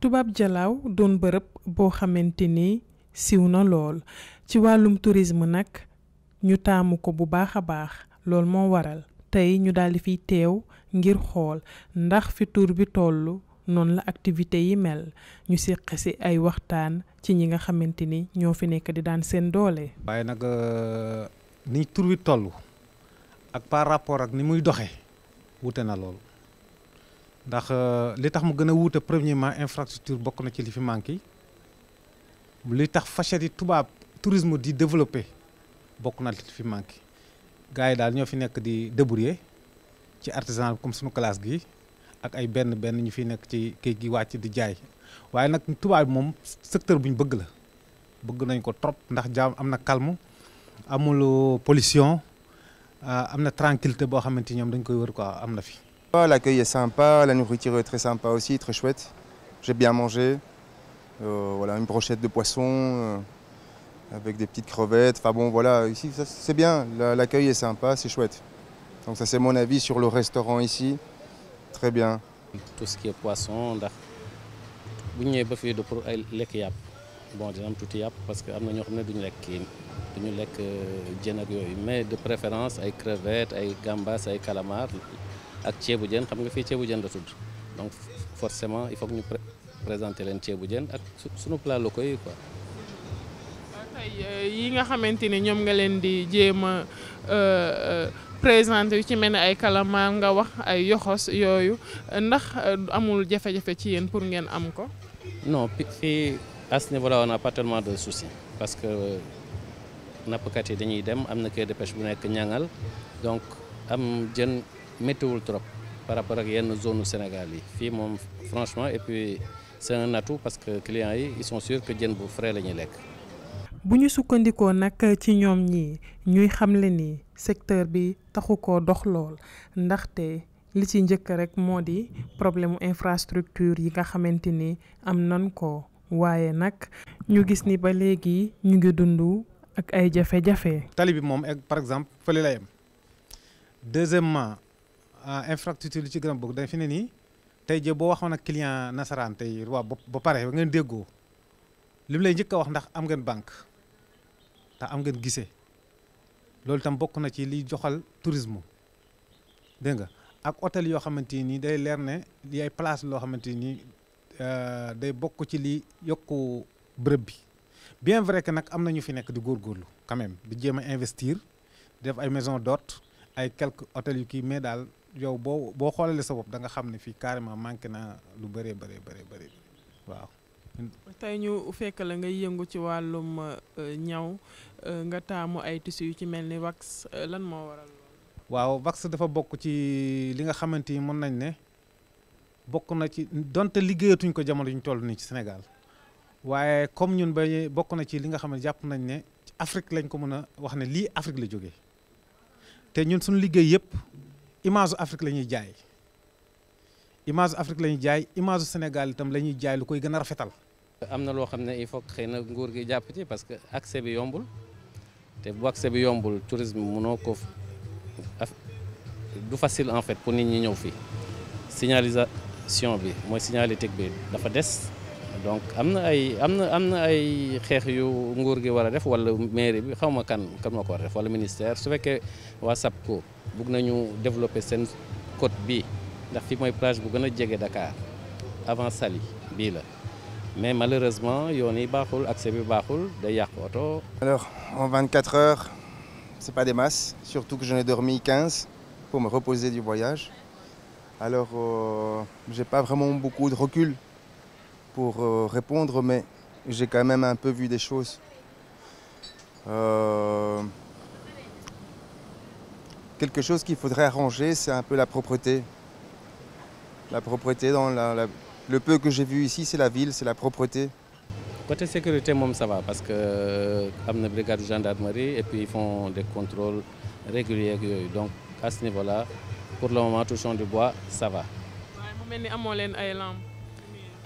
tubaab Jalaaw doon bërëb boo xamante ni siw na lool ci wàllum tourisme nag ñu taamu ko bu baax a baax lool moo waral tey ñu daal fiy teew ngir xool ndax fi tur bi tollu noonu la activité yi mel ñu seq si ay waxtaan ci ñi nga xamante ni ñoo fi nekk di daan seen doole. waaye nag euh, ni tur bi toll. ak par rapport ak ni muy doxee wuute na loolu ndax euh, li tax mu gën a wuute premièrement infrastructure bokk na ci li fi manqué li tax facettes yi tubaab tourisme di développé bokk na li fi manqué gars yi daal ñoo fi nekk di débrouiller ci artisanal comme suñu classe gi ak ay benn benn ñu fi nekk ci géej gi wàcc di jaay waaye nag tubaab bi moom secteur bu ñu bëgg la bëgg nañ ko trop ndax jaam am na calme amul pollution Euh, am na tranquillité boo xamante ñoom dañ koy wër quoi am na fi. Ah, l'accueil est sympa la nourriture est très sympa aussi très chouette j'ai bien mangé euh, voilà une brochette de poisson euh, avec des petites crevettes c'est bien l'accueil est sympa c'est chouette donc ça c'est mon avis sur le restaurant ici très bien. tout ce qui est poisson ndax ñëwee ba fii du pour ay lekk bon dina am tuuti yàpp parce que am na ñoo xam ne duñu lekk kiin duñu lekk euh, jën ak yooyu mais de préférence ay crevettes ay gambas ay calamar ak ceebu jën xam nga fi ceebu jën la tudd donc forcément il faut que ñu présenter leen ceebu jën ak suñu plat locaux yi euh, yi nga xamante ni ñoom nga leen di jéem a euh, présenter yu ci mel ne ay calamar nga wax ay yoxos yooyu ndax amul jafe-jafe ci yéen pour ngeen am ko. non fii. à ce niveau-là pas tellement de soucis parce que euh, nappkat yi dañuy dem am na quai de pêche bu nekk ñangal donc am jën méttiwul trop par rapport ak yenn zone Sénégal yi fii moom franchement et puis c'est un parce que clients yi ils sont sûrs que jën bu frais la ñuy lekk. bu ñu sukkandikoo nag ci ñoom ñii ñuy xamle ni secteur bi taxu ko dox lool ndaxte li ci njëkk rek moo di problème infrastructure yi nga xamante ni am nan ko. waaye nag ñu gis ni ba léegi ñu ngi dundu ak ay jafe-jafe. tali bi moom par exemple fële la yem deuxièmement infrastructure li ci gën a bëgg dañ fi ne nii tey jii boo waxoon ak client nasaraan tey waa ba pare ba ngeen déggoo lim lay njëkk a wax ndax am ngeen banque te am ngeen gisee loolu tam bokk na ci liy joxal tourisme dégg nga ak hôtel yoo xamante nii day leer ne li ay place loo xamante nii Euh, day bokk ci li yokk bërëb bi bien vrai que nag am na ñu fi nekk di góor quand même di jéem a investir def ay maison d'hôte ay quelques hôtels yu kii mais daal yow boo boo xoolalee sa bopp da nga xam ne fii carrément manqué na lu bëree bëree bëree bëri waaw. tey ñu fekk la ngay yëngu ci wàllum euh, ñaw euh, nga taamu ay tissus yu ci mel ni wax lan moo waral. waaw wax dafa bokk ci li nga xamante ni mën nañ ne. bokk na ci donte liggéeyatuñ ko jamono ñu toll nii ci Sénégal waaye comme ñun ba bokk na ci li nga xam ne jàpp nañ ne ci Afrique lañ ko mën a wax ne lii Afrique la jógee te ñun suñu liggéey yëpp image Afrique la ñuy jaay image Afrique la ñuy jaay image Sénégal itam la ñuy jaay lu koy gën a rafetal. am na loo xam ne il faut xëy na nguur gi jàpp ci parce que accès bi yombul te bu accès bi yombul tourisme mënoo ko du facile en fait pour nit ñi ñëw fii signalisa sion bi mooy signalétique bi dafa des donc am na ay am na am na ay xeex yu nguur gi war def wala mairie bi xaw ma kan kan a def wala ministère su fekkee waa SAPCO bugg nañu développer sen côte bi ndax fi mooy plage bu gën a jege Dakar avant sali bii la mais malheureusement yoon yi baaxul accès bi baaxul day yàq oto. alors en 24 heures c'est pas des masses surtout que j'en ai dormi pour me reposer du voyage. Alors, euh, j'ai pas vraiment beaucoup de recul pour euh, répondre, mais j'ai quand même un peu vu des choses. Euh, quelque chose qu'il faudrait arranger, c'est un peu la propreté. La propreté dans la, la... le peu que j'ai vu ici, c'est la ville, c'est la propreté. Côté sécurité, moi, ça va parce que une euh, brigade de gendarmerie et puis ils font des contrôles réguliers. Donc à ce niveau-là, pour le moment touchons du bois ça va. mel ni amoo leen ay lampes.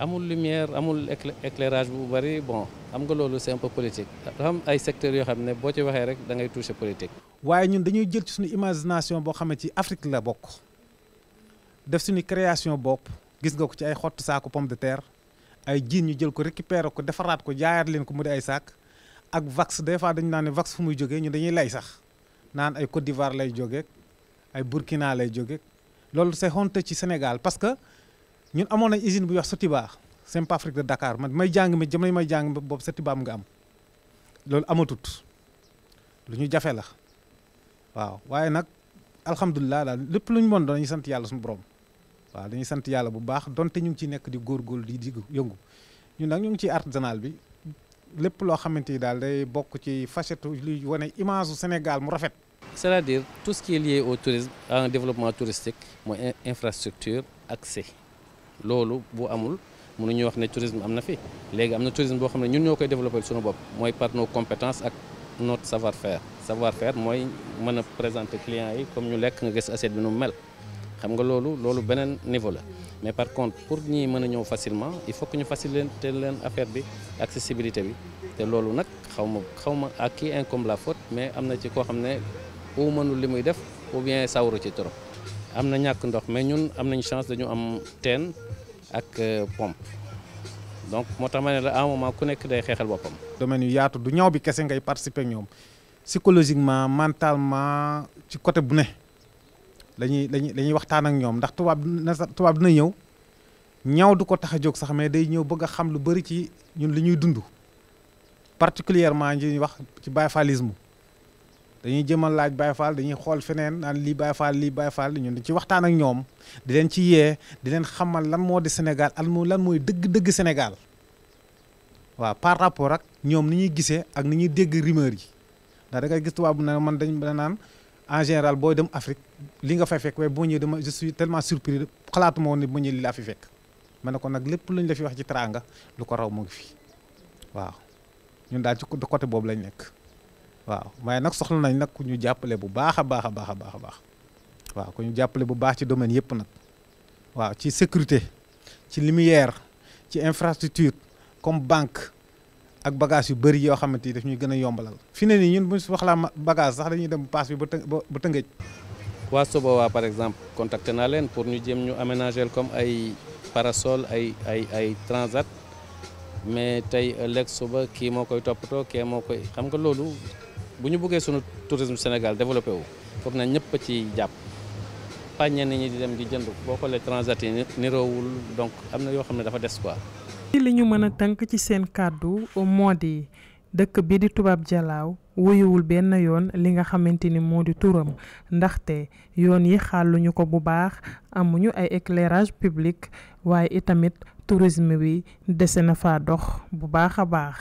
amul lumière amul éclairage bu bëri bon xam nga loolu c'est un peu politique dafa ay secteurs yoo xam ne boo ci waxee rek da ngay toucher politique. waaye ñun dañuy jël ci suñu imagination boo xam ne ci Afrique la bokk def suñu création bopp gis nga ko ci ay xottu saaku pomme de terre ay jiin ñu jël ko récupérer ko defaraat ko jaayaat leen ko mu di ay saak ak vax des fois dañu naan ne vax fu muy jóge ñun dañuy lay sax naan ay Côte d'Ivoire lay jógee. ay Burkina lay jóge loolu c'est honte ci Sénégal parce que ñun amoon nañ usine bu wax Sotiba Simpafric de Dakar man may jàng may jamono may jàng boobu Sotibaam nga am loolu amatut lu ñu jafe la waaw waaye nag alhamdulilah daal lépp lu ñu mën ñu sant yàlla suñu borom waaw dañuy sant yàlla bu baax donte ñu ngi ciy nekk di góor góor di di yëngu ñun nag ñu ngi ciy artisanal bi lépp loo xamante ni daal day bokk ci facette luy wane image su Sénégal mu rafet. c'est-à-dire tout ce qui est au tourisme à un développement touristique mooy infrastructure accès loolu bu amul mënuñu wax ne tourisme am na fi léegi am na tourisme boo xam ne ñun ñoo koy développé suñu bopp mooy par nos compétences ak notre savoir fair savoir faire mooy mën a présenter client yi comme ñu lekk nga gis assiette bi nu mel xam nga loolu loolu beneen niveau la mais par contre pour ñi mën a ñëw facilement il faut que ñu faciliter leen affaire bi accessibilité bi te loolu nag xaw ma xaw ma à qui incombe la faute mais am na ci koo xam ne ou mënul li muy def ou bien sawaru ci trop am na ñàkk ndox mais ñun am nañu chance dañu am teen ak euh, pompe donc moo tax ma ne la à ku nekk day xeexal boppam. domaine yu yaatu du ñaw bi kese ngay participer ñoom psychologiquement mentalement ci côté bu ne lañuy lañuy lañuy waxtaan ak ñoom ndax tubaab tubaab dina ñëw ñaw du ko tax a jóg sax mais day ñëw bëgg a xam lu bëri ci ñun li ñuy dund particulièrement ñu wax ci bayfalisme dañuy jëmal laaj Baye Fall dañuy xool feneen naan lii Baye Fall lii Baye Fall ñun dañ ci waxtaan ak ñoom di leen ci yee di leen xamal lan moo di Sénégal al moo lan mooy dëgg-dëgg Sénégal waaw par rapport ak ñoom ni ñuy gisee ak ni ñuy dégg rumeur yi ndax da ngay gis tubaab bu ne man dañ da naan en général booy dem Afrique li nga fay fekk waaye boo ñuy dama je suis tellement surpris xalaatuma woon ne bu ñëwee laa fi fekk ma ne ko nag lépp luñ la fi wax ci teraanga lu ko raw mu ngi fi waaw ñun daal ci côté boobu lañ nekk. waaw waaye nag soxla nañ nag ku ñu jàppale bu baax a baax a baax a baax a baax waaw ku ñu jàppale bu baax ci domaine yëpp nag waaw ci sécurité ci lumière ci infrastructure comme banque ak bagage yu bari yoo xamante ni daf ñuy gën a yombalal fi ne nii ñun bu ñu waxlaa bagage sax dañuy dem paas bi ba ba tëngëj waa Sobowa par exemple contacté naa leen pour ñu jëm ñu aménager comme ay parasol ay ay ay transat mais tey lekk suba kii moo koy toppatoo kii moo koy xam nga loolu bu ñu buggee sunu tourisme Sénégal développé wu foog na ñëpp ci jàpp pàññe nañu di dem di jënd boo xoolee transat yi niroowul donc am na yoo xam ne dafa des quoi. ci li ñu mën a tënk ci seen kàddu moo di dëkk bi di tubaab jalaaw wuyuwul benn yoon li nga xamante ni moo di turam ndaxte yoon yi xàlluñu ko bu baax amuñu ay éclairage public waaye itamit tourisme bi dese na fa dox bu baax a baax.